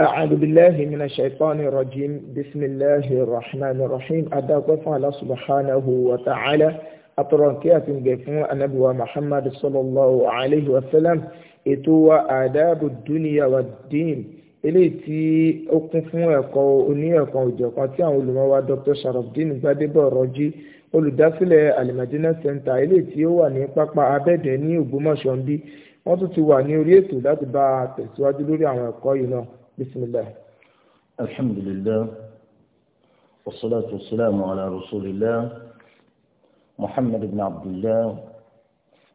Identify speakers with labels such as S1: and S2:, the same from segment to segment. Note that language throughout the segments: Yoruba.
S1: أعوذ بالله من الشيطان الرجيم بسم الله الرحمن الرحيم أداكم على سبحانه وتعالى أتركيات جفوا النبي محمد صلى الله عليه وسلم إتوا آداب الدنيا والدين eléyìí tí ó kún fún ẹ̀kọ́ oníẹ̀kọ́ òjọ̀kan tí àwọn olùmọ̀ wa Dr. Sharafdin Gbadebo Rọjí olùdásílẹ̀ Alimadina Center eléyìí tí ó wà ní pápá abẹ́dẹ̀ ní Ògbómọ̀ṣọ́ ń bí wọ́n tún ti wà ní orí ètò láti bá a tẹ̀síwájú lórí àwọn ẹ̀kọ́ yìí náà بسم الله
S2: الحمد لله والصلاة والسلام على رسول الله محمد بن عبد الله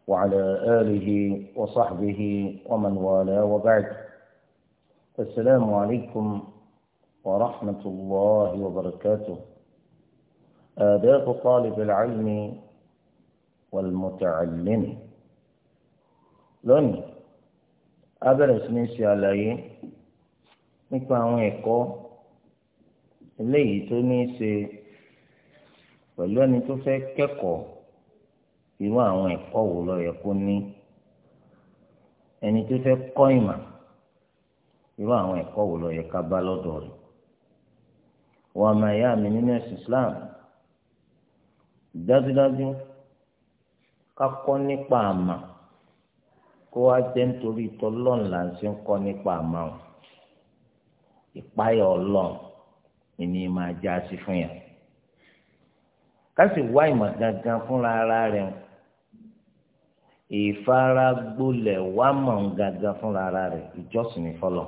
S2: وعلى آله وصحبه ومن والاه وبعد السلام عليكم ورحمة الله وبركاته آداب طالب العلم والمتعلم لن أبرز نسي عليه nípa àwọn ẹ̀kọ́ eléyìí tó ní í ṣe pẹ̀lú ẹni tó fẹ́ kẹ́kọ̀ọ́ irú àwọn ẹ̀kọ́ wo ló yẹ kó ní ẹni tó fẹ́ kọ́ ìmọ̀ irú àwọn ẹ̀kọ́ yẹ ká bá lọ́dọ̀ rẹ̀ wọ́n máa yá mi nínú ẹ̀sìn Islam dájúdájú ká kọ́ nípa àmà kó wá jẹ́ nítorí tọ́lọ́ọ̀nù là ń ṣe ń o. ìpáyà ọlọ́run ìní máa já sí fún yàn ká sì wá ìmọ̀ gangan fúnra ara rẹ̀ ìfaragbolẹ̀ wá mọ̀ gangan fúnra ara rẹ̀ ìjọsìn ní fọlọ́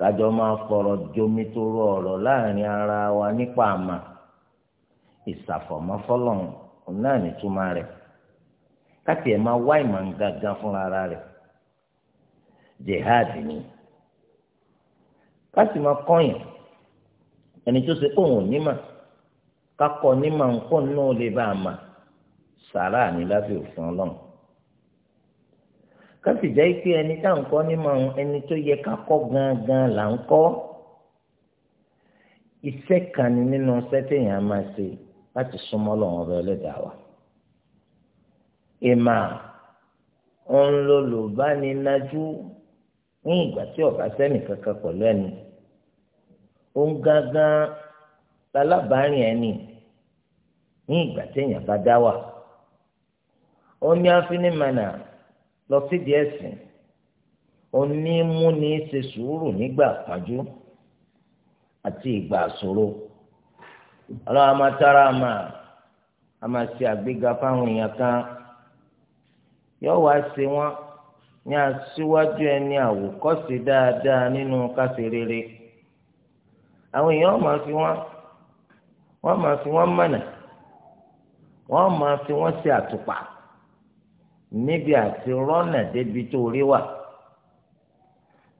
S2: kájọ máa fọ̀rọ̀ jomitoro ọrọ láàrin ara wa nípa àmà fọlọ náà nìtúmọ̀ rẹ̀ káti ẹ̀ máa wá ìmọ̀ gangan fúnra ara rẹ̀ jihad ni. ká sì máa kọ́yìn ẹni tó ṣe kóun ò ní mà kakọ ní mà ń kó náà lè bá a mà sàrà ní lábẹ́ òfin ọlọ́run ká sì jẹ́ pé ẹni tá ń kọ́ ní ẹni tó yẹ ká gangan là ń kọ́ iṣẹ́ kan ni nínú iṣẹ́ téèyàn máa ṣe láti súnmọ́ lọ́wọ́ ọba ẹlẹ́dàá wa ìmà ń lò lò bá ní nájú. ní ìgbà tí ọba sẹ́nì kankan pẹ̀lú ẹni òun gángan lálábàárìn ẹni ní ìgbà téèyàn bá dá wà lọ sídìí ẹ̀sìn ní múni ṣe sùúrù nígbà pàjú àti ìgbà àṣòro ọlọ́wọ́ a máa a máa a máa ṣe àgbéga fáwọn èèyàn kan yóò wá ṣe ní aṣíwájú ẹni àwòkọ́ṣe dáadáa nínú káṣe rere àwọn èèyàn máa fi wọn wọn máa fi wọn mọ̀nà wọn máa fi wọn ṣe àtùpà níbi àti rọ́nà débi tó rí wà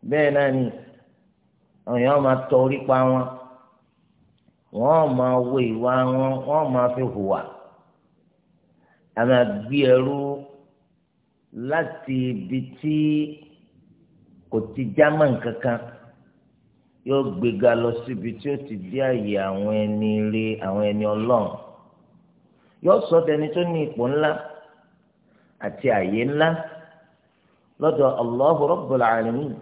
S2: bẹ́ẹ̀ náà ni àwọn èèyàn máa tọ orí pa wọn wọn máa wo ìwà wọn wọn máa láti ibi tí kò ti jámọ́ nǹkan kan yóò gbéga lọ síbi tí ó ti dé àyè àwọn ẹni rí àwọn ẹni ọlọ́run yóò sọ dẹni tó ní ipò ńlá àti àyè ńlá lọ́dọ̀ Allahu Rabbul Alamin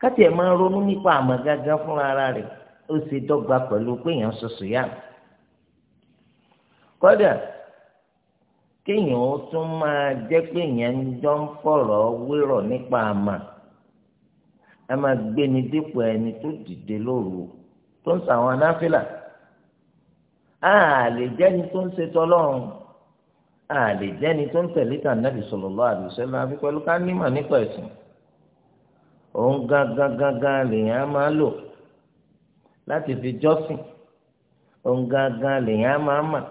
S2: káti ẹ̀ máa ronú nípa àmọ̀gágá fúnra ara rẹ̀ ó sì dọ́gba pẹ̀lú pé èèyàn ṣoṣo yá kọ́dà. kéèyàn ó tún máa jẹ́ pé èèyàn ń jọ ń fọ̀rọ̀ wérọ̀ nípa àmà ẹ máa gbéni dípò ẹni tó dìde lóru tó ń sàwọn anáfílà a lè jẹ́ni tó ń ṣe tọ́lọ́run a lè jẹ́ni tó ń tẹ̀lé tànàbì sallallahu alaihi wasallam àfi pẹ̀lú ká nímọ̀ nípa ẹ̀sìn òun gangan gangan lèèyàn á máa lò láti fi jọ́sìn òun gangan lèèyàn á máa mà. Ma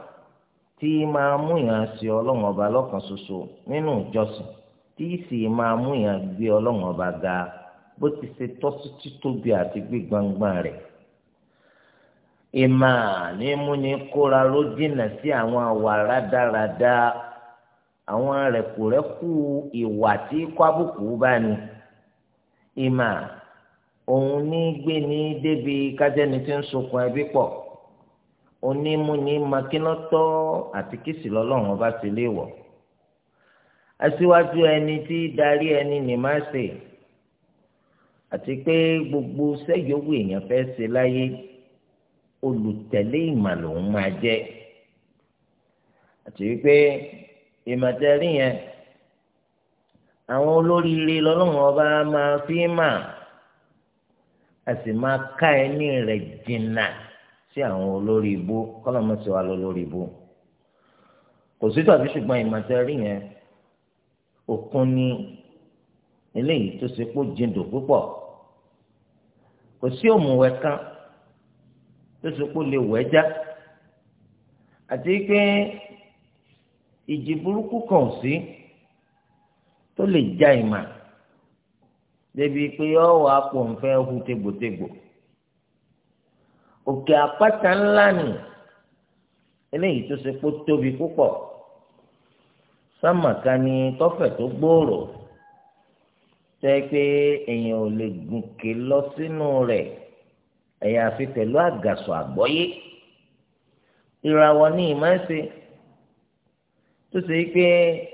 S2: tí máa mú yàn ṣe ọlọ́run ọba lọ́kàn ṣoṣo nínú ìjọsìn tí sì máa mú yàn gbé ọlọ́run ọba ga bó ti ṣe tọ́sí títóbi àti gbígbọ́ngbọ́n rẹ̀ ìmà ní múni kóra ló dínà sí àwọn àwà rádaràda àwọn rẹ̀kùrẹ́kù ìwà tí kwábùkù bá ní ìmà òun ní gbé ní débi kájẹ́ni tí ń sokùn ẹbí pọ̀ onímúni makínọ́tọ́ àti kìsì lọ́lọ́run ọba ti lè wọ̀ aṣíwájú ẹni tí darí ẹni ní má ṣe àti pé gbogbo sẹ́yọ̀wò èèyàn fẹ́ ṣe láyé olùtẹ̀lé ìmà lòun máa jẹ́ àti wípé ìmọ̀tẹ́rì yẹn àwọn olóríire lọ́lọ́run ọba máa fi mà á sì máa ká ẹni rẹ̀ jìnnà sí àwọn olórí ibú kọ́lọ́mọ́ sí wa lọ lórí ibú kò sí tàbí ṣùgbọ́n ìmọ̀tẹ́rì yẹn òkun ni eléyìí tó ṣe pọ̀ jindò púpọ̀ kò sí òmùwẹ̀ kan tó ṣe pọ̀ lè wẹ̀ já àti pé ìjì burúkú kan sí tó lè já ìmà débi pé ọ̀wọ́ apò ń fẹ́ hu tégbòtégbò. Tegbo òkè àpáta ńlá ni eléyìí tó ṣe pé tóbi púpọ̀ sámàkà ni tọ́fẹ̀ tó gbòòrò tẹ́ pé èèyàn ò lè gùnkè lọ sínú rẹ̀ ẹ̀yà àfi pẹ̀lú àgàsọ̀ àgbọ́yé ìràwọ̀ ni ìmọ̀ ẹ́ ṣe tó ṣe pé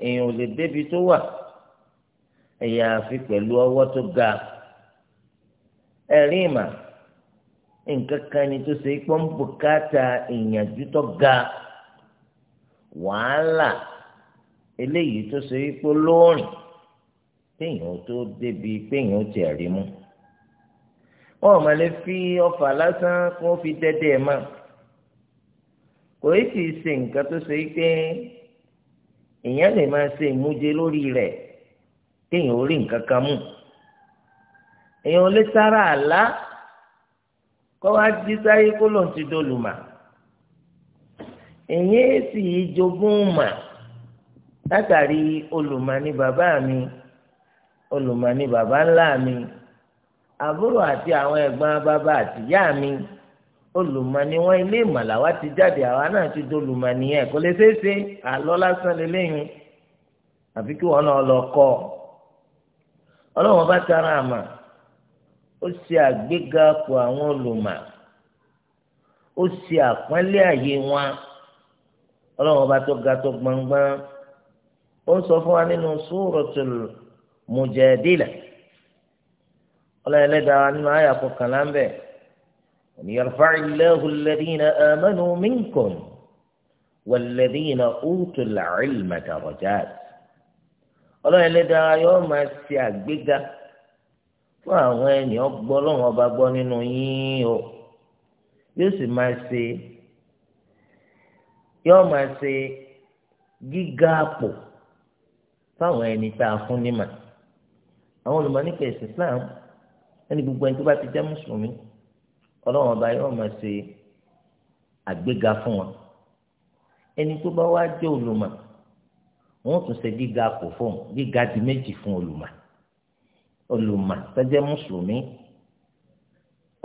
S2: èèyàn ò lè débi tó wà ẹ̀yà àfi pẹ̀lú ọwọ́ tó ga ẹ̀rí ìmọ̀. nǹkan kan ni tó ṣe pọ́n bùkátà ìyànjú tó ga wàhálà eléyìí tó ṣe pé lóòrìn péyàn tó débi péyàn ti ẹ̀rí mú
S1: wọn ò máa lè fi ọfà lásán kó
S2: fi dẹ́dẹ́ ẹ̀ máa kò í sì ṣe nǹkan tó ṣe pé èèyàn lè máa ṣe ìmújẹ lórí rẹ̀ kéèyàn ó rí nǹkan kan mú èèyàn lè sára kọ́ wá jí sáyé kó lòun ti dolùmà èyí sì jogún mà látàrí olùmà ní bàbá mi olùmà ní bàbá ńlá mi àbúrò àti àwọn ẹ̀gbọ́n bàbá àti mi olùmọ̀ ni wọ́n ilé ìmọ̀lá wa ti jáde àwa náà ti dolùmọ̀ nìyẹn kò lè ṣeé àlọ́ lásán lélẹ́yìn àfi kí wọ́n náà lọ kọ́ ọ ọlọ́wọ́n bá tara àmà ó ṣe àgbéga kó àwọn olùmọ̀ ó ṣe àpọ́nlé àyè wọn ọlọ́run ọba tó ga tó gbọ̀ngbọ́n ó ń sọ fún wa nínú Suratul Mujadila ọlọ́run ẹlẹ́dàá wa nínú àyà kọkànlá ń bẹ̀ yarfa'illahu alladhina amanu minkum walladhina utul ilma darajat ọlọ́run ẹlẹ́dàá yóò máa ṣe àgbéga fún àwọn ènìyàn gbọ́ lọ́wọ́n ọba gbọ́ nínú yín o yóò sì máa ṣe yóò máa ṣe gíga àpò fáwọn ẹni tá a fún nímà àwọn olùmọ̀ nípa ẹ̀sìn Islam ẹni gbogbo ẹni tó bá ti jẹ́ mùsùlùmí ọlọ́wọ́n ọba yóò máa ṣe àgbéga fún wọn ẹni tó bá wá jẹ́ olùmọ̀ wọn tún ṣe gíga àpò fún gíga di méjì fún olùmọ̀. olùmọ̀ tẹ́jẹ́ mùsùlùmí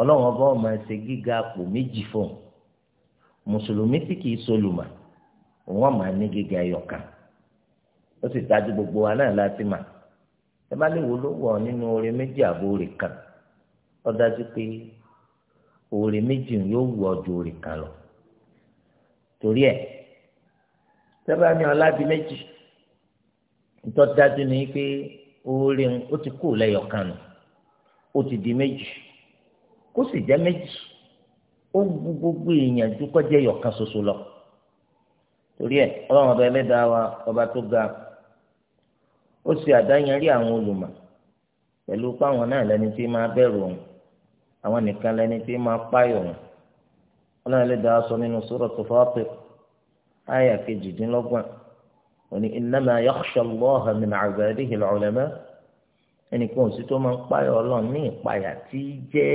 S2: ọlọ́run ọba ọmọ ẹsẹ̀ gíga àpò méjì fún mùsùlùmí tí kìí solùmọ̀ òun ọmọ ẹni gíga ẹyọkan ó sì dájú gbogbo wa náà láti mà ẹ bá lè wo ló wọ nínú oore méjì àbò oore kan ó dájú pé oore méjì yóò wọ oore kan lọ pé. oore ń ó ti kú lẹ́yọ̀kan nù ó ti di méjì kó sì jẹ́ méjì ó wu gbogbo ìyànjú kọjá ẹyọ̀kan lọ torí ẹ ọlọ́run ọba ẹlẹ́dàá wa ọba tó ga ó ṣe àdáyanrí àwọn olùmọ̀ pẹ̀lú páwọn náà lẹni tí máa bẹ̀rù òun àwọn nìkan lẹni tí máa páyọ̀ òun ọlọ́run ẹlẹ́dàá sọ nínú kejìdínlọ́gbọ̀n. òní innama yakhsha Allaha min ibadihi al-ulama ẹnìkan òsì tó máa ń páyà ọlọ́run ní ìpayà tí jẹ́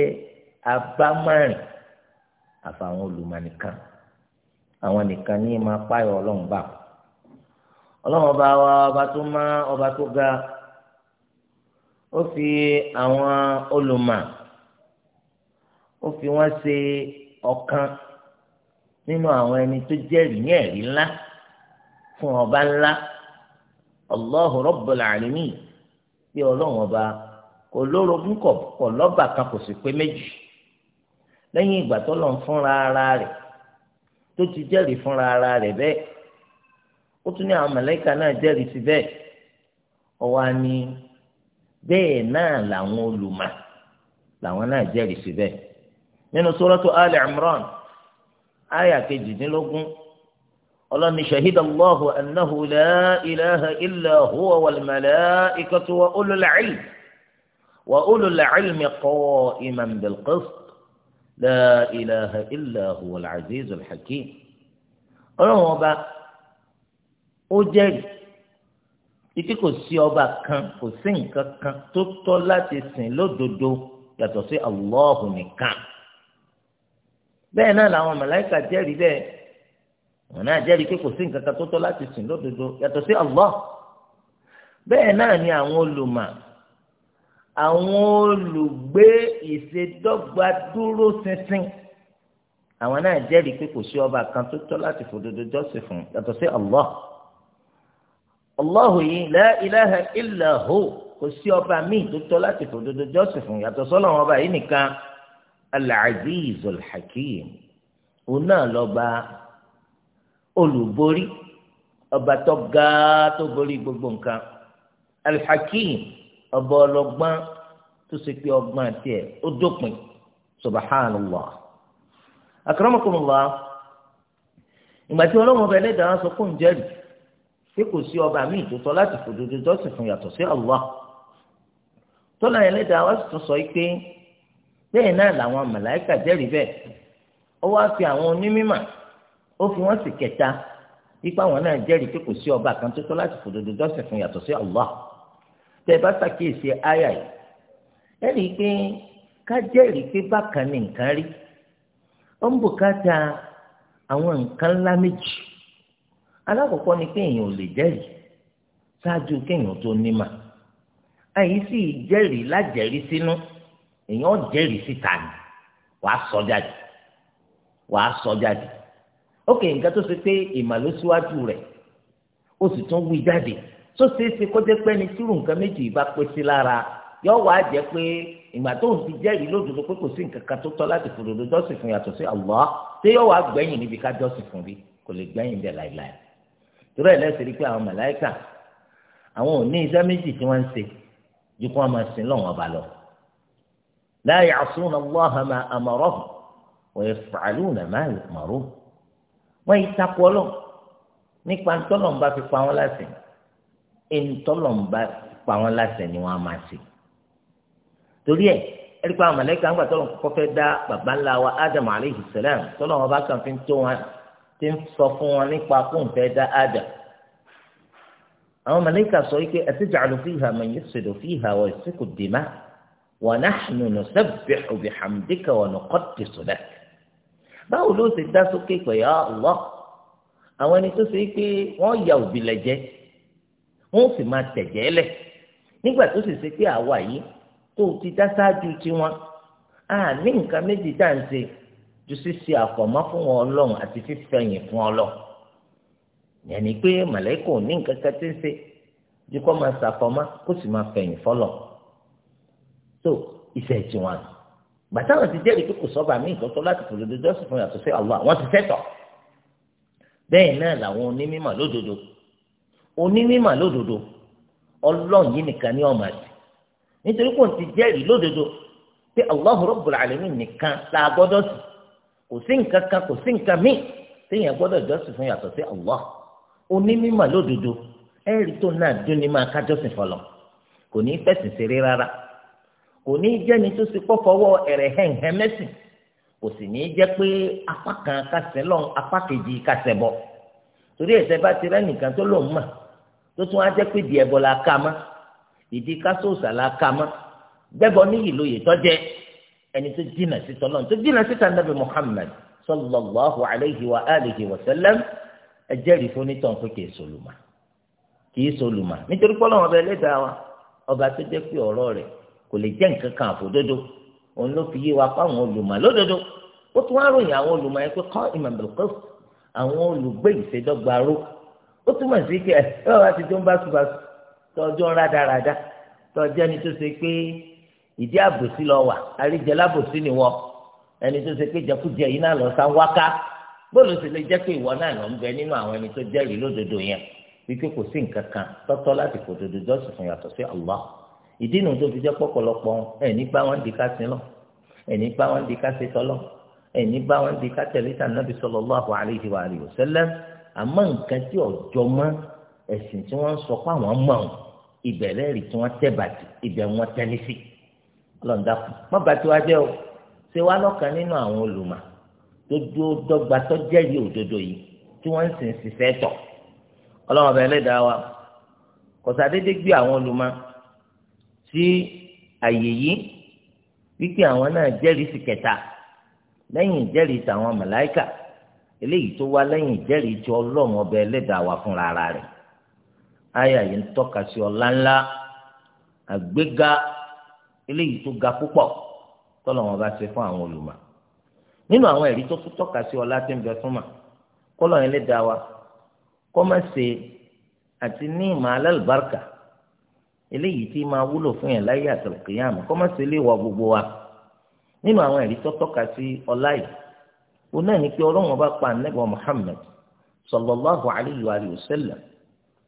S2: abámárìn àfàwọn olùmọ̀nìkan àwọn nìkan ní máa páyà ọlọ́run bá ọlọ́run ọba wa ọba tó má ọba tó ga ó fi àwọn olùmọ̀ ó fi wọ́n ṣe ọ̀kan nínú àwọn ẹni tó jẹ́rìí ní ẹ̀rí ńlá. fún ọba ńlá Allahu Rabbul Alamin bí ọlọ́run ọba kò lórogún kọ̀ lọ́ba kan kò méjì lẹ́yìn ìgbà tó lọ́n fúnra ara rẹ̀ tó ti jẹ́rìí fúnra ara rẹ̀ bẹ́ẹ̀ ó tún ní àwọn mọ̀lẹ́kà náà jẹ́rìí sí bẹ́ẹ̀ ọwọ́ làwọn olùmọ̀ làwọn náà jẹ́rìí sí bẹ́ẹ̀ nínú Ali ọlọ́ni shahida allahu annahu la ilaha illa huwa wal malaikatu wa ulul ilm wa ulul ilmi qa'iman bil qist la ilaha illa huwa al azizul hakim ọlọ́run ọba ó jẹ́rìí ike kò sí ọba kan kò sí nǹkan kan tó tọ́ láti sìn lódodo yàtọ̀ sí Allahu nìkan bẹ́ẹ̀ náà làwọn màláíkà jẹ́rìí bẹ́ẹ̀ wọn náà jẹ́rìí pé kò sí nǹkan kan tó tọ́ láti sìn lódodo yàtọ̀ sí Allah bẹ́ẹ̀ náà ni àwọn olùmọ̀ àwọn olùgbé ìṣèdọ́gba dúró ṣinṣin àwọn náà jẹ́rìí pé kò sí ọba kan tó tọ́ láti fòdodo jọ́sìn fún yàtọ̀ sí Allah Allahu yìí la ilaha illa kò sí ọba míì tó tọ́ láti fòdodo jọ́sìn fún yàtọ̀ sọ́lọ́ ọba yìí nìkan al-Azizul Hakim òun náà lọ́ba olùborí ọba tó ga tó borí gbogbo nǹkan alhakim ọba ọlọ́gbọ́n tó ṣe pé ọgbọ́n tiẹ̀ ó dópin subhanallah akramakumullah ìgbà tí ọlọ́run ọba ẹlẹ́dàá sọ fún jẹ́rìí pé kò sí ọba míì tó tọ́ láti fòdodo jọ́sìn fún yàtọ̀ sí Allah tọ́lá ẹlẹ́dàá wá sì tún sọ pé bẹ́ẹ̀ náà làwọn màláíkà jẹ́rìí bẹ́ẹ̀ ó wá fi àwọn onímọ̀ ó fi wọ́n sì kẹta ipa àwọn náà jẹ́rìí pé kò sí ọba kan tó tọ́ láti fòdodo dọ́sẹ̀ fún yàtọ̀ sí Allah tẹ́ ẹ bá ṣàkíyèsí àyà yìí ẹ rí i pé ká jẹ́rìí pé bákan ní nǹkan rí ó ń bùkátà àwọn nǹkan ńlá méjì alákọ̀ọ́kọ́ ni pé èèyàn ò lè jẹ́rìí ṣáájú kéèyàn tó nímà àyè sì jẹ́rìí lájẹ̀rí sínú èèyàn jẹ́rìí síta ni wàá sọ jáde wàá sọ jáde ókè nǹkan tó ṣe pé ìmà ló síwájú rẹ̀ ó sì tún wí jáde tó ṣe é ṣe kó jẹ́ pé ẹni tírù nǹkan méjì bá pé sí lára yọ wá jẹ́ pé ìgbà tó ń ti jẹ́rìí lódodo pé kò sí nǹkan kan tó tọ́ láti fòdodo jọ́sìn fún yàtọ̀ sí Allah ṣé yọ wá gbẹ̀yìn níbi ká jọ́sìn fún bí kò lè gbẹ̀yìn bẹ́ẹ̀ láìláì torí ẹ̀ rí pé àwọn màláìkà àwọn ò ní iṣẹ́ méjì tí wọ́n ń ṣe ju kí wọ́n máa sin lọ́wọ́n ọba lọ. la ya'suna Allaha ma amarahum wa yaf'aluna ma yu'marun wọ́n yìí takò ọlọ́ nípa ntọ́lọ́mbà fi pa wọ́n láṣẹ ntọ́lọ́mbà fi pa wọ́n láṣẹ ni wọ́n á máa ṣe torí ẹ̀ ẹ̀rí pa àmàlẹ́kà ńgbà tọ́lọ́ kọ́kọ́ fẹ́ dá bàbá ńlá wa ádámù alayhi salam tọ́lọ́ bá kàn fi tó wọn ti ń sọ fún wọn nípa kó fẹ́ dá ádámù àwọn màlẹ́kà sọ wípé ataj'alu fiha man yufsidu fiha wa yasfiku dima wa nahnu nusabbihu bihamdika wa nuqaddisu lak báwo ló ṣe dá sókè pé ya Allah àwọn ẹni tó ṣe pé wọ́n ya òbílẹ̀ jẹ wọ́n sì máa tẹ̀jẹ́ lẹ̀ nígbà tó sì ṣe pé àwa yìí tó ti dá sáájú tiwọn a ní nǹkan méjì tá à ń ṣe ju ṣíṣe àfọ̀mọ́ fún wọn ọlọ́run àti fífẹ̀yìn fún ọlọ́run yẹn ni pé màlẹ́kọ̀ ní nǹkan kan tí ń ṣe ju kó máa ṣàfọ̀mọ́ kó sì máa fẹ̀yìn fọlọ́ so ìfẹ́ bàtà wọn ti jẹ́rìí pé kò sọ́ba mí ìtọ́tọ́ láti fòdodo jọ́sìn fún yàtọ̀ sí Allah àwọn ti fẹ́tọ̀ bẹ́ẹ̀ náà làwọn onímọ̀ lódodo onímọ̀ lódodo ọlọ́run yìí nìkan ní ọmọ àti nítorí kò ti jẹ́rìí lódodo pé Allahu Rabbul Alamin nìkan la gbọ́dọ̀ sí kò sí nǹkan kan kò sí nǹkan míì téèyàn gbọ́dọ̀ jọ́sìn fún yàtọ̀ sí Allah onímọ̀ lódodo ẹ̀rí tó náà dún ní máa ká jọ́sìn fọlọ́ kò ní fẹ̀sìn ṣeré rárá kò ní jẹ́ni tó ti kọ́ fọwọ́ ẹ̀rẹ̀ hẹ̀ǹhẹ̀ mẹ́sìn kò sì ní jẹ́ pé apá kan kàṣẹ lọ́n apá kejì kàṣẹ bọ̀ torí ẹ̀sẹ̀ bá ti rẹ́ nìkan tó lòún mà tó tún á jẹ́ pé ìdí ẹ̀bọ la ka mọ́ ìdí kásòòsà la ka mọ́ gbẹ́bọ níyì lóye tọ́jẹ́ ẹni tó jìnà sí tọ́lọ́n tó jìnà sí tànàbí Muhammad sallallahu alayhi wa alihi wa sallam ẹ jẹ́rìí fún nítàn pé kì í solùmà kì í solùmà nítorí pé ọba ẹlẹ́dàá wa ọba tó jẹ́ pé ọ̀rọ̀ rẹ̀ kò lè jẹ́ nǹkan kan àfòdodo òun ló fi yé wa pa àwọn olùmọ̀ lódodo ó tún wá ròyìn àwọn olùmọ̀ yẹn pé kọ́ ìmọ̀bẹ̀kọ́ àwọn olùgbé ìṣèdọ́gba ró ó túmọ̀ sí kí ẹ ẹ wá ti tó ń bá subaṣu tọjọ́ rádaràda tọjọ́ ẹni tó ṣe pé ìdí àbòsí lọ wà àríjẹ lábòsí ni wọ ẹni tó ṣe pé jẹkújẹ yìí náà lọ sá wáká bóòlù sì lè jẹ́ pé ìwọ náà lọ ń bẹ nínú àwọn ẹni tó jẹ́rìí lódodo yẹn wípé kò sí nǹkan kan tọ́tọ́ láti kò dodo fún yàtọ̀ sí Allah ìdí nu tó fi jẹ́ pọ̀pọ̀lọpọ̀ ẹ̀ní bá wọn di ká sin lọ ẹ̀ní bá wọn di ká ṣetọ́ lọ ẹ̀ní bá wọn di ká tẹ̀lé tà nàbì sallallahu alaihi wa alihi wasallam àmọ́ nǹkan tí ọ̀jọ́ mọ́ ẹ̀sìn tí wọ́n ń sọ pé àwọn mọ̀ ọ́n ìbẹ̀rẹ̀ rí tí wọ́n tẹ̀ bàtì ibẹ̀ wọn tẹ́lẹ̀ sí lọ́ndàkùn má bàtì wá jẹ́ o ṣé wá lọ́kàn nínú àwọn olùmọ̀ tó dọ́gba tó jẹ́rìí òdodo yìí tí wọ́n ń sìn sí fẹ́ tọ̀ ọlọ́run ọba ẹlẹ́dàá wa kọ̀sádédé gbé àwọn olùmọ̀ sí àyè yìí wípé àwọn náà jẹ́rìísí kẹta lẹ́yìn ìjẹ́rìí tàwọn màláìkà eléyìí tó wá lẹ́yìn ìjẹ́rìí tí ọlọ́run ọbẹ̀ ẹlẹ́dàá wà fúnra ara rẹ̀ àyà yìí ń tọ́ka sí ọlá ńlá àgbéga eléyìí tó ga púpọ̀ tọ́lọ́run bá ṣe fún àwọn olùmọ̀ nínú àwọn ẹ̀rí tó tún tọ́ka sí ọlá tí ń bẹ fún mà kọ́lọ́run ẹlẹ́dàá wa kọ́ má ṣe àti ní ìmọ̀ alálùbáríkà eléyìí tí máa wúlò fún yẹn láyé àtàlùkìyàmù kọ́ máa ṣe lè wa gbogbo wa nínú àwọn ẹ̀rí tó tọ́ka sí ọlá yìí o náà ní pé ọlọ́run ọba pa ànábì Muhammad sallallahu alayhi wa sallam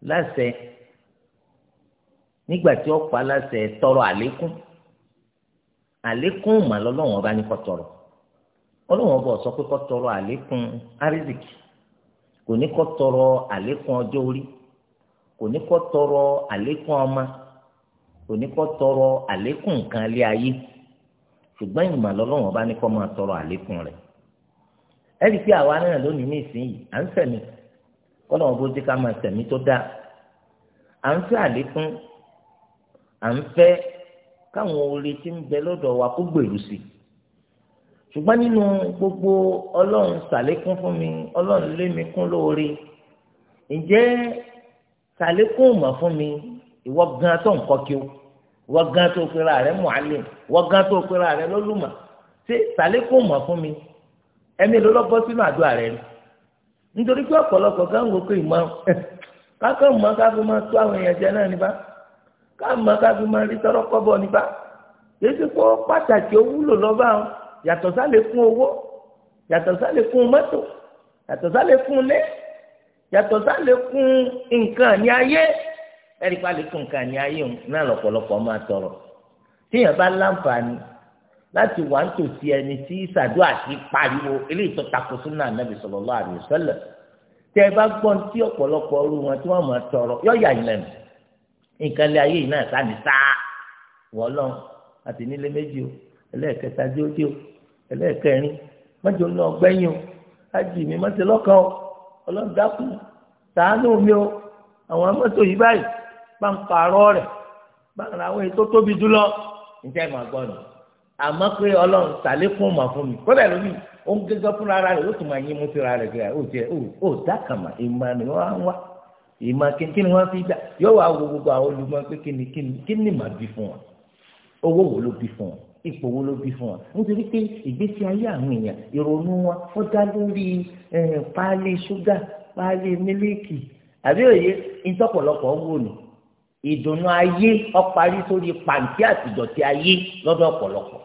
S2: láṣẹ nígbà tí ó pa láṣẹ tọrọ àlékún àlékún mà lọ́lọ́run ọba ní ọba sọ pé àlékún árísìkì kò ní àlékún ọjọ́ orí kò ní kò ní kọ́ tọrọ àlékún nǹkan lé ayé ṣùgbọ́n ìmọ̀ lọ́lọ́wọ́n bá ní kọ́ máa tọrọ àlékún rẹ̀ ẹ̀rí pé àwa náà lónìí ní à ń sẹ̀mí kọ́lọ́wọ́n bó dé ká máa sẹ̀mí tó dáa à ń fẹ́ àlékún à ń fẹ́ káwọn oore tí ń bẹ lọ́dọ̀ wa kó gbèrú sí i ṣùgbọ́n nínú gbogbo ọlọ́run ṣàlékún fún mi ọlọ́run lé mi kún lóore ǹjẹ́ ṣàlékún mọ̀ fún mi ìwọ gan tó ń kọ́ kí o wọ́n gán tó pera rẹ̀ mọ̀álẹ̀ wọ́n gán tó pera rẹ̀ lọ́lùmọ̀ ṣé sàlékùn mọ̀ fún mi ẹ̀mí ló lọ́ bọ́ sínú àdúrà rẹ̀ ni nítorí pé ọ̀pọ̀lọpọ̀ gáwọn òkè ìmọ̀ kákọ́ mọ̀ káfí máa tó àwọn èèyàn jẹ náà nípa káàmọ̀ káfí máa rí tọ́rọ́ kọ́bọ̀ nípa yéésì kó pàtàkì owúlò lọ́ba àwọn yàtọ̀ sálékùn owó yàtọ̀ sálékùn mọ́tò yàtọ̀ sálékùn lé yàtọ̀ sálékùn nǹkan ní ayé ẹ̀rí pálí kún nǹkan ní ayé òun náà lọ́pọ̀lọpọ̀ máa tọrọ tíyẹn bá láǹfààní láti wà nítòsí ẹni tí ìsàdó àti pariwo eléyìí tó takò súnà nàbì sallallahu alaihi wasallam tẹ ẹ bá gbọ́n tí ọ̀pọ̀lọpọ̀ ọrú wọn tí wọ́n máa tọrọ yọ yà yín lẹ́nu nǹkan lé ayé yìí náà sáni sáá wọ́n lọ àti nílé méjì o ẹlẹ́ẹ̀kẹta dé ẹlẹ́ẹ̀kẹrin mọ́jọ ní ọgbẹ́yìn o ájì mi mọ́tẹ́lọ́kàn o ọlọ́dàkùn sàánú mi o àwọn mọ́tò yìí báyìí bá ń pààrọ̀ rẹ̀ bá ń ra àwọn èyí tó tóbi jùlọ ǹjẹ́ ìmọ̀ àgbọ̀ nù àmọ́ pé ọlọ́run sàlékún mà fún mi kódà lómi ó ń gẹ́gẹ́ fúnra ara rẹ̀ ó tún máa yín mú síra rẹ̀ gbé ó jẹ́ ó dákàmà ìmọ̀ ni wọ́n wá ìmọ̀ kíni wọ́n fi dá yóò wá wo gbogbo àwọn olùmọ̀ pé kíni kíni kíni mà bí fún wọn owó wo ló bí fún wọn ipò wo ló bí fún wọn nítorí pé ìgbésí ayé àwọn èèyàn ìrònú wọn ó dá lórí eh, páálí ṣúgà páálí mílíìkì àbí òye ìtọ́pọ̀lọpọ̀ wò nù ìdùnnú ayé ọparí sórí pàǹtí àtìdọ̀tí ayé lọ́dọ̀ ọ̀pọ̀lọpọ̀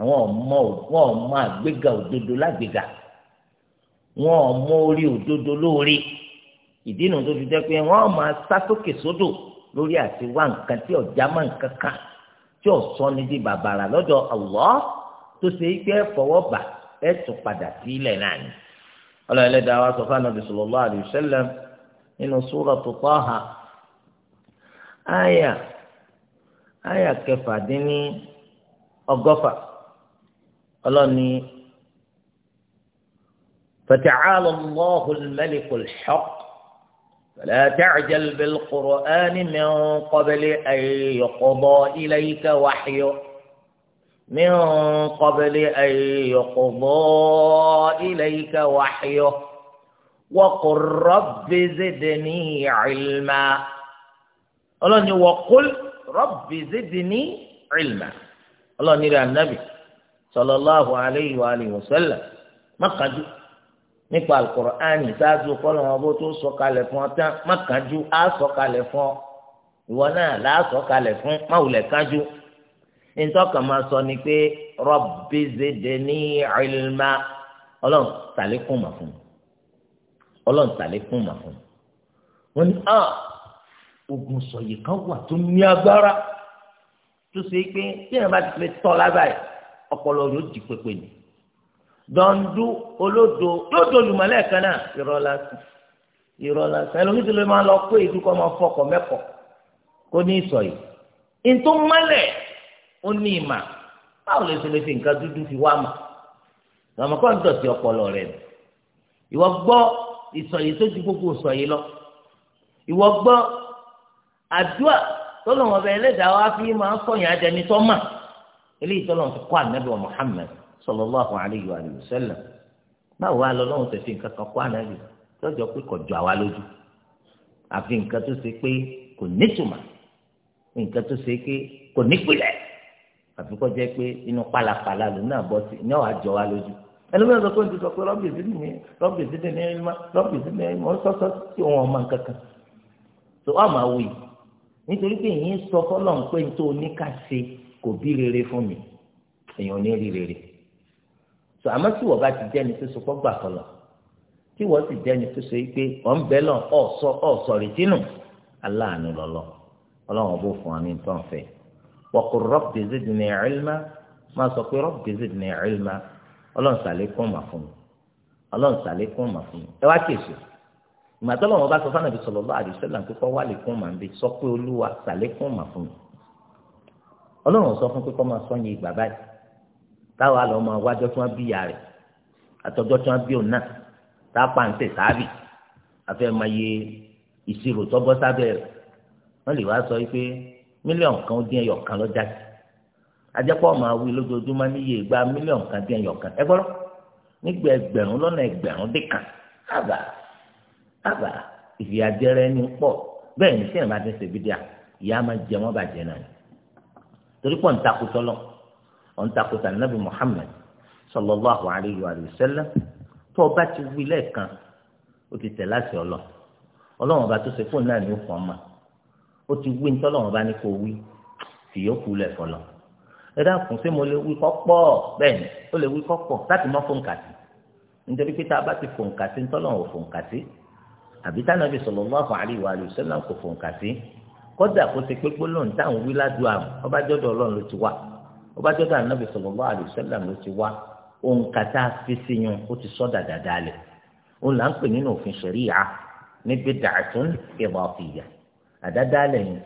S2: àwọn ọmọ wọn ọmọ àgbéga òdodo lágbéga wọn ọmọ orí òdodo lóore ìdí nu tó fi jẹ́ pé wọn máa sá sókè sódò lórí àti wá nǹkan tí ọjà máa ń kankan tí ọ̀sọ́ ni di bàbàrà lọ́dọ̀ Allah tó ṣe é gbẹ́ fọwọ́ bà ẹ̀ tún padà sí ilẹ̀ náà ni ọlọ́ọ̀lẹ́dàá wa sọ fún anabi sallallahu alaihi wasallam nínú suratu Taha. àyà àyà kẹfà dín ní ọgọ́fà ọlọ́ni فتعالى الله الملك الحق فلا تعجل بالقرآن من قبل أن يقضى إليك وحيه من قبل أن يقضى إليك وحيه وقل رب زدني علما ọlọ́ni wọ kúl rabbi zidni ilma ọlọ́ni rẹ̀ anabi sallallahu alayhi wa alihi wa sallam mákàdú nípa alukur'ani ṣáájú kọ́lọ́wọ́n bó tó sọ̀kalẹ̀ fún ọ tán mákàdú á sọ̀kalẹ̀ fún ọ ìwọ náà làá sọ̀kalẹ̀ fún máwùlẹ̀ kájú ntọ́ka máa sọ ni pé rabbi zidni ilma ọlọ́run tàlékùn mà fún ọlọ́run tàlékùn mà fún wọn ni ah ogun sọ̀yì kan wà tó ní agbára tó ṣe pé tí èèyàn bá ti fi tọ́ lábàáyé ọpọlọ rẹ̀ di pépé ni dandu olódo yóò dolùmọ̀lẹ́ kan náà irọ́ lásán irọ́ lásán ẹlòmíì tó lè máa lọ pé ìdúkọ́ máa fọkọ̀ mẹ́kọ̀ kó ní ìsọ̀yì ntó mọ́lẹ̀ ó ní ìmà báwo lè ṣe lè fi nǹkan dúdú fi wá mà lọ́mọkọ́ ń dọ̀tí ọpọlọ rẹ̀ ni ìwọ gbọ́ ìsọ̀yì tó ju gbogbo ìsọ̀yì lọ ìwọ gbọ́ àdúrà tọ́lọ́wọ́n bẹ ẹlẹ́dàá wa fi máa ń sọ̀yìn àjẹni tọ́mà eléyìí tọ́lọ́wọ́n ti kọ́ ànábì wa sallallahu alayhi wa sallam báwo wá lọ́lọ́wọ́n fi nǹkan kan kọ́ ànábì tọ́jọ́ pé kò jọ àwa lójú àfi nǹkan tó ṣe pé kò nítumọ̀ nǹkan tó ṣe pé kò àfi pé inú náà sí jọ wa lójú sọ pé sọ pé rọ́bì ni rọ́bì ni ma rọ́bì ni ma ó nítorí pé èyí ń sọ fọlọ́n pé ní tó oníkàṣe kò bí rere fún mi èèyàn ò ní rí rere tó àmọ́ tí wọ́n bá ti jẹ́ni tó so kọ́gbà fọlọ́ tí wọ́n sì jẹ́ni tó so pé ọ̀n bẹ́ẹ̀ lọ ọ̀sọ ọ̀sọ rìtínù aláàánú lọ́lọ́ ọlọ́run bó fún wa ní nǹkan fẹ́ wọ́kùn rabbi zidni ilma máa sọ pé rabbi zidni ilma ọlọ́run sàlékún mà fún mi ọlọ́run sàlékún mà fún mi ẹ wá kèsì ìmọ̀tọ́lọ́ wọn bá sọ fánàbí sallallahu alaihi wasallam pípọ́ wà lẹ́kùn mà ń bẹ sọ pé olúwa sàlẹ́kùn mà fún mi ọlọ́run sọ fún pípọ́ máa sọ́yìn ìgbà báyìí táwa lọ́ máa wájọ́ tí wọ́n bí ìyá rẹ̀ àtọ́jọ́ tí wọ́n bí òun náà tá a pa ń tẹ̀ sáábì àfẹ́ máa yẹ ìṣirò tọ́gbọ́ sábẹ́ rẹ̀ wọ́n lè wá sọ pé mílíọ̀nù kan dín ẹyọ kan lọ́jà sí ajẹ́pọ̀ àbà ìfìyàjẹrẹ ẹni pọ̀ bẹ́ẹ̀ ní sẹ́yìn bá ti ṣe bídíà ìyá máa jẹ wọ́n bàjẹ́ náà ni torí pọ̀ ntakùtọ́lọ́ ọ̀ntakùtà nàbì Muhammad sallallahu alayhi wa sallam tó o bá ti wí lẹ́ẹ̀kan o ti tẹ̀ láti ọlọ́ ọlọ́wọ́n bá tó ṣe fóònù náà ní ó fọ́n ma ó ti wí ní tọ́lọ́wọ́n bá ní kó wí fìyókù lẹ̀ fọlọ́ ẹ dákun ṣé mo lè wí kọ́pọ̀ bẹ́ẹ̀ ni ó lè wí kọ́pọ̀ láti mọ́ fóònù nítorí pé tá a bá ti fóònù kàtí ò fóònù àbí tánàbí sallallahu alaihi wa sallam kò fòǹkà sí kódà kó ṣe pé gbólóhùn táwọn wí ládùú àmọ́ ọba jọ́dọ̀ ọlọ́run ló ti wá ọba jọ́dọ̀ ànábì sallallahu alaihi wa sallam ló ti wá òǹkà tá a fi sí yun ó ti sọ́dà dáadáa lẹ̀ òun là ń pè nínú òfin ṣẹ̀ríyà ní bid'atun idafiyyah àdáadáa lẹ́yìn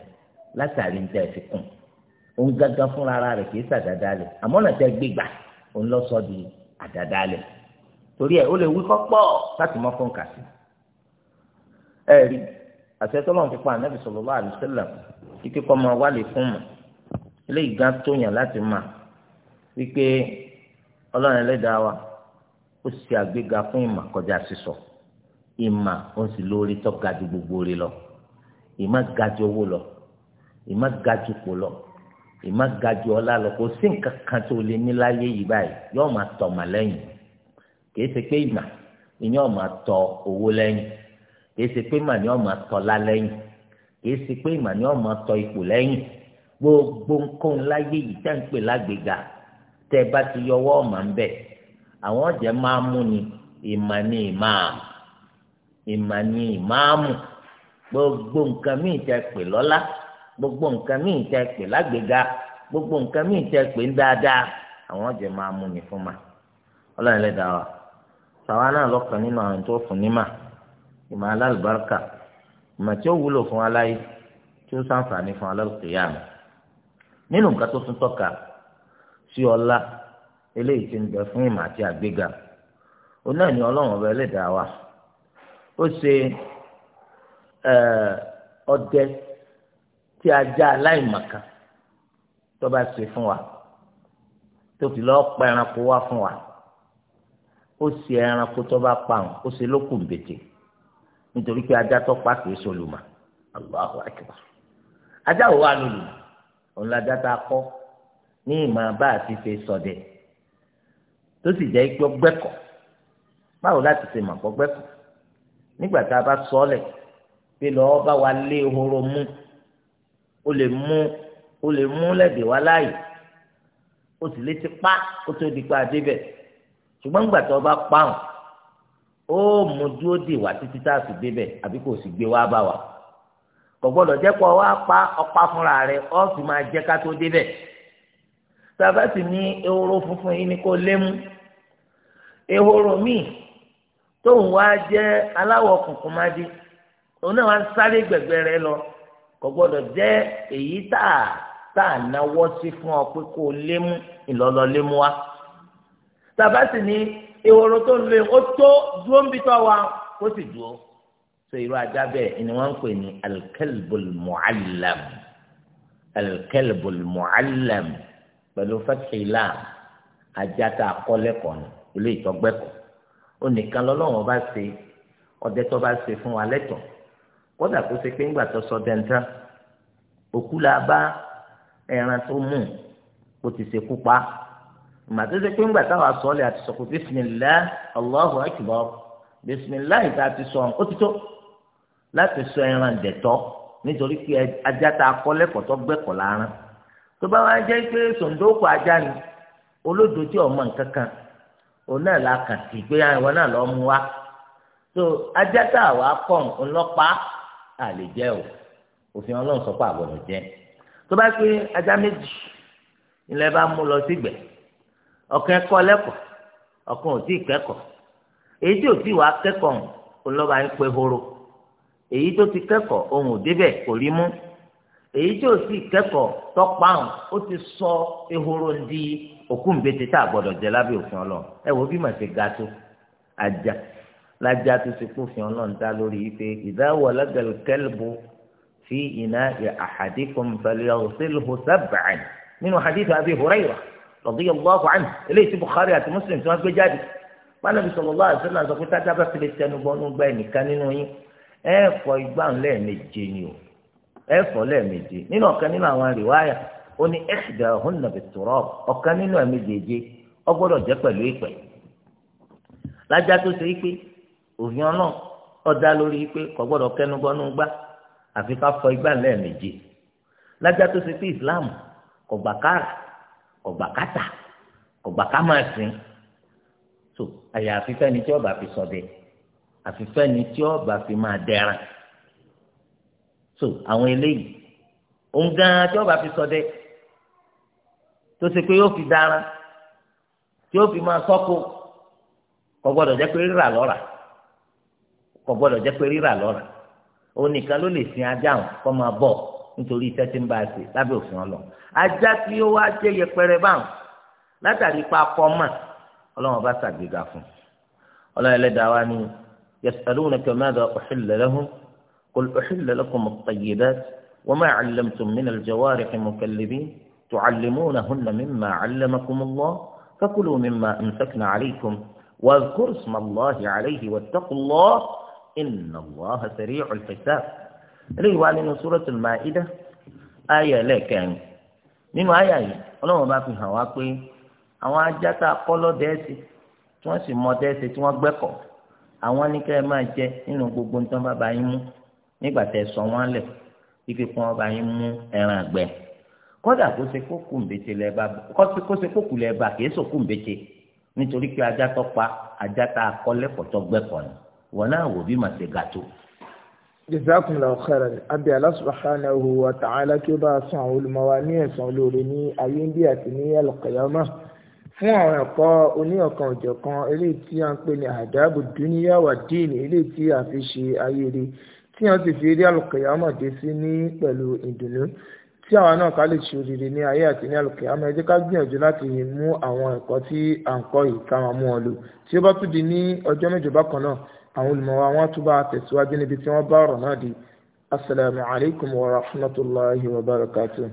S2: látàrí ń tẹ́ ẹ fi òun gángan fúnra ara rẹ̀ kìí sàdáadáa lẹ̀ àmọ́ ọ̀nà tẹ́ gbégbà òun lọ sọ di àdáadáa lẹ̀ torí ẹ̀ ó lè wí kọ́ pọ̀ láti mọ́ fún kàsí ẹ̀rí àṣetọ́lọ́n fipá anábì sallallahu alaihi wasallam títí kọ́ máa wálé fún mọ̀ eléyìí gán tó yàn láti mà wípé ọlọ́run ẹlẹ́dàá wa ó ṣe àgbéga fún ìmọ̀ kọjá sísọ ìmọ̀ ó sì lórí tó ga ju gbogbo rẹ̀ lọ ìmọ̀ ga ju owó lọ ìmọ̀ ga ju pò lọ ìmọ̀ ga ju ọlá lọ kò sí nǹkan kan tó lè ní láyé yìí báyìí yóò máa tọ̀ mà lẹ́yìn kì í ṣe pé ìmọ̀ ìyẹn ò máa tọ owó lẹ́yìn kìí ṣe pé màní ọmọ tọ lálẹ́yìn kìí ṣe pé màní ọmọ tọ ipò lẹ́yìn gbogbo nǹkan láyé yìí tẹ́ ń pè lágbègà tẹ́ bá ti yọwọ́ ọmọ ń bẹ̀ àwọn ọ̀jẹ̀ máa mú ni ìmà ni ìmáàmù ìmà ni ìmáàmù gbogbo nǹkan míì tẹ́ pè lọ́lá gbogbo nǹkan míì tẹ́ pè lágbègà gbogbo nǹkan míì tẹ́ pè ń dáadáa àwọn ọ̀jẹ̀ máa mú ni fún ma ọlọ́run lẹ́dàá wa sàwa náà lọ́kàn nínú àwọn tó fún ní mà ìmọ̀ alálùbáríkà ìmọ̀ tí ó wúlò fún aláyé tí ó sàǹfààní fún alálùkìyàmù nínú nǹkan tó tún tọ́ka sí ọlá eléyìí tí ń bẹ fún ìmọ̀ àti àgbéga òun náà ni ọlọ́run ọba ẹlẹ́dàá wa ó ṣe ọdẹ tí ajá aláìmọ̀ká tó bá ṣe fún wa tó fi lọ́ọ́ pa ẹranko wá fún wa ó ṣe ẹranko tó bá pa àwọn ó ṣe lókùn bètè nítorí pé ajá tó pa kìí solùmà Allahu akbar ajá ò wá lòlùmà òun lajá tá a kọ́ ní ìmọ̀ bá a ti ṣe ṣọdẹ tó sì jẹ́ ikú gbẹ́kọ̀ báwo láti ṣe mọ̀ kọ́ gbẹ́kọ̀ nígbà tá a bá sọ ọ́lẹ̀ pé lọ́ọ́ bá wa lé ehoro mú o lè mú o lè mú lẹ́dẹ̀ wá láàyè o sì lè ti pa kó tó di pa adébẹ̀ ṣùgbọ́n nígbà tó o bá pa àwọn ó mú dúró dè wá títí tá a fi débẹ̀ àbí kò sì gbé wá bá wa kò gbọ́dọ̀ jẹ́ pọ̀ wá pa ọ̀pá fúnra rẹ̀ ọ́ sì máa jẹ́ ká tó débẹ̀ tàbá sì ní ehoro funfun yìí ni kò lé mú ehoro míì tóun wá jẹ́ aláwọ̀ kùnkùn má dé òun náà wá ń sáré gbẹ̀gbẹ̀ rẹ̀ lọ kò gbọ́dọ̀ jẹ́ èyí tá a tá a náwó sí fún ọ pé kò lé ìlọlọ lé wa tàbá sì ní ìhòòrò tó ń lò yìí ó tó dúró ń bí tọ́ wa ó sì dúró so irú ajá bẹ́ẹ̀ ni wọ́n ń pè ní alkalbul mu'allam alkalbul mu'allam pẹ̀lú fatihila ajá tá a kọ́ lẹ́kọ̀ọ́ ni ilé ìtọ́gbẹ́kọ̀ ó nìkan lọ́lọ́wọ́n bá ṣe ọdẹ tó bá ṣe fún wa lẹ́tọ̀ kódà kó ṣe pé ńgbà tó sọ dẹ́ntà òkú la bá ẹran tó mú kó ti ṣe kú pa á ìgbà tó ṣe pé ńgbà táwọn asọ́ọ̀lẹ̀ àti sọ̀kò bísímìlá Allahu akbar bísímìlá ìta ti sọ ọ̀hún ó ti tó láti sọ ẹran dẹ̀tọ́ nítorí pé ajá tá a kọ́ lẹ́kọ̀ọ́ tó gbẹ́kọ̀ọ́ láàrán tó bá wá jẹ́ pé sòǹdókò ajá ni olódò tí ọmọ nǹkan kan òun náà la kàn sí pé ìwọ náà lọ́ọ́ mú wa tó ajá tá a wá kọ́ ńlọ́pàá o òfin ọlọ́run sọ pé àgbọ̀dọ̀ jẹ́ tó bá pé ajá méjì ilẹ̀ bá mú lọ sígbẹ̀ẹ́ ọ̀kan ẹ̀kọ́ lẹ́kọ̀ọ́ ọ̀kan ò tí ì kẹ́kọ̀ọ́ èyí tí ò tí ì wá kẹ́kọ̀ọ́ òun lọ́ba ń pe horo èyí tó ti kẹ́kọ̀ọ́ òun ò débẹ̀ kò rí mú èyí tí ò tí ì kẹ́kọ̀ọ́ tọ́pá òun ó ti sọ ehoro di òkú nbètè tá a gbọ́dọ̀ jẹ lábẹ́ òfin ọlọ́run ẹ wo bí mà ṣe ga tó ajá lájá tó ti kú fìhàn náà ń dá lórí ife ìdáwọ̀ lẹ́gẹ̀lẹ́gẹ́lẹ́bù fi ìná àhàdíkùn fẹlẹ́ ọ̀sẹ̀lẹ̀ hù sábàá nínú hadith Abi Hurairah radiyallahu anhu eléyìí tí Bukhari àti Muslim tí wọ́n gbé jáde pàdánù sallallahu ta wasallam sọ pé tájà bá tilẹ̀ tẹnu bọ́nú gba ẹnìkan nínú yín ẹ fọ igbá ni o ẹ fọ lẹ́ẹ̀méje nínú ọ̀kan nínú àwọn rìwáyà ó ní ihdahunna bit-turab ọ̀kan nínú ẹ̀ kọgbà kàtà kọgbà ká máa sìn so àyàfi fẹ́ni tí ọba fi sọ bẹ́ẹ̀ àfi fẹ́ni tí ọba fi máa dẹran so àwọn eléyìí òun gan tí ọba fi sọ de. tó ṣe pé yóò fi dára tí yóò fi máa sọ́kò kò gbọ́dọ̀ jẹ́ pé rírà lọ́ra kò gbọ́dọ̀ jẹ́ pé rírà lọ́ra òun nìkan ló lè sin ajá wọn kó máa bọ̀ nítorí iṣẹ́ tí ń bá a ṣe lábẹ́ òfin ọlọ ajá tí ó wá jẹ́ yẹpẹrẹ báwọn látàrí pa akọ mọ ọlọ́run bá ṣàgbéga fún ọlọ́run ẹlẹ́dàá wa ni yasalunaka madha uhilla lahum qul uhilla lakum at-tayyibat wa ma 'allamtum min al-jawarihi mukallibin تعلمونهن مما علمكم الله فكلوا مما أمسكنا عليكم واذكروا اسم الله عليه واتقوا الله إن الله سريع الحساب eléyìí wá nínú suratul Ma'idah ayé ẹlẹ́kẹrin nínú ayé yìí ọlọ́run bá fi hàn wá pé àwọn ajá tá a kọ́ lọ́dẹ ẹ̀sìn tí wọ́n sì mọ dẹ́sẹ̀ tí wọ́n gbẹ́kọ̀ àwọn ní kẹ́ ẹ máa jẹ nínú gbogbo ní tí wọ́n bá ba yín mú nígbà tẹ́ sọ wọ́n lẹ̀ kíkẹ́ kí bá yín mú ẹran àgbẹ̀ kódà kó ṣe kókù ńbẹ́tẹ̀ lẹ́ bá kó ṣe kókù lẹ́ bá kìí sòkù ńbẹ́tẹ̀ nítorí pé ajá tó pa ajá tá a kọ́ lẹ́kọ̀ọ́ tó ni wọ́n náà wò bí màá ṣe
S1: jazakumullahu khairan abi Allah subhanahu wa ta'ala kí ó bá san àwọn olùmọ̀wá ní ẹ̀san olóore ní ayé bí àti ní al-qiyamah fún àwọn ẹ̀kọ́ oní ọ̀kan òjọ̀kan eléyìí tí a ń pè ní àdábù dúníyà wà díìnì eléyìí tí a fi ṣe ayé rí tí wọ́n ti fi rí al-qiyamah dé sí ní pẹ̀lú ìdùnnú tí àwa náà ká lè ṣe òrìrì ní ayé àti ní àlùkìyámà ẹ ká gbìyànjú láti mú àwọn ẹ̀kọ́ tí à ń kọ́ yìí ká máa mú wọn lò tí ó bá tún di ní ọjọ́ mẹ́jọ bákan náà àwọn olùmọ̀wá wọn tún bá tẹ̀síwájú níbi tí wọ́n bá ọ̀rọ̀ náà di asalaamualeykum wa rahmatulahi wa barakatuh.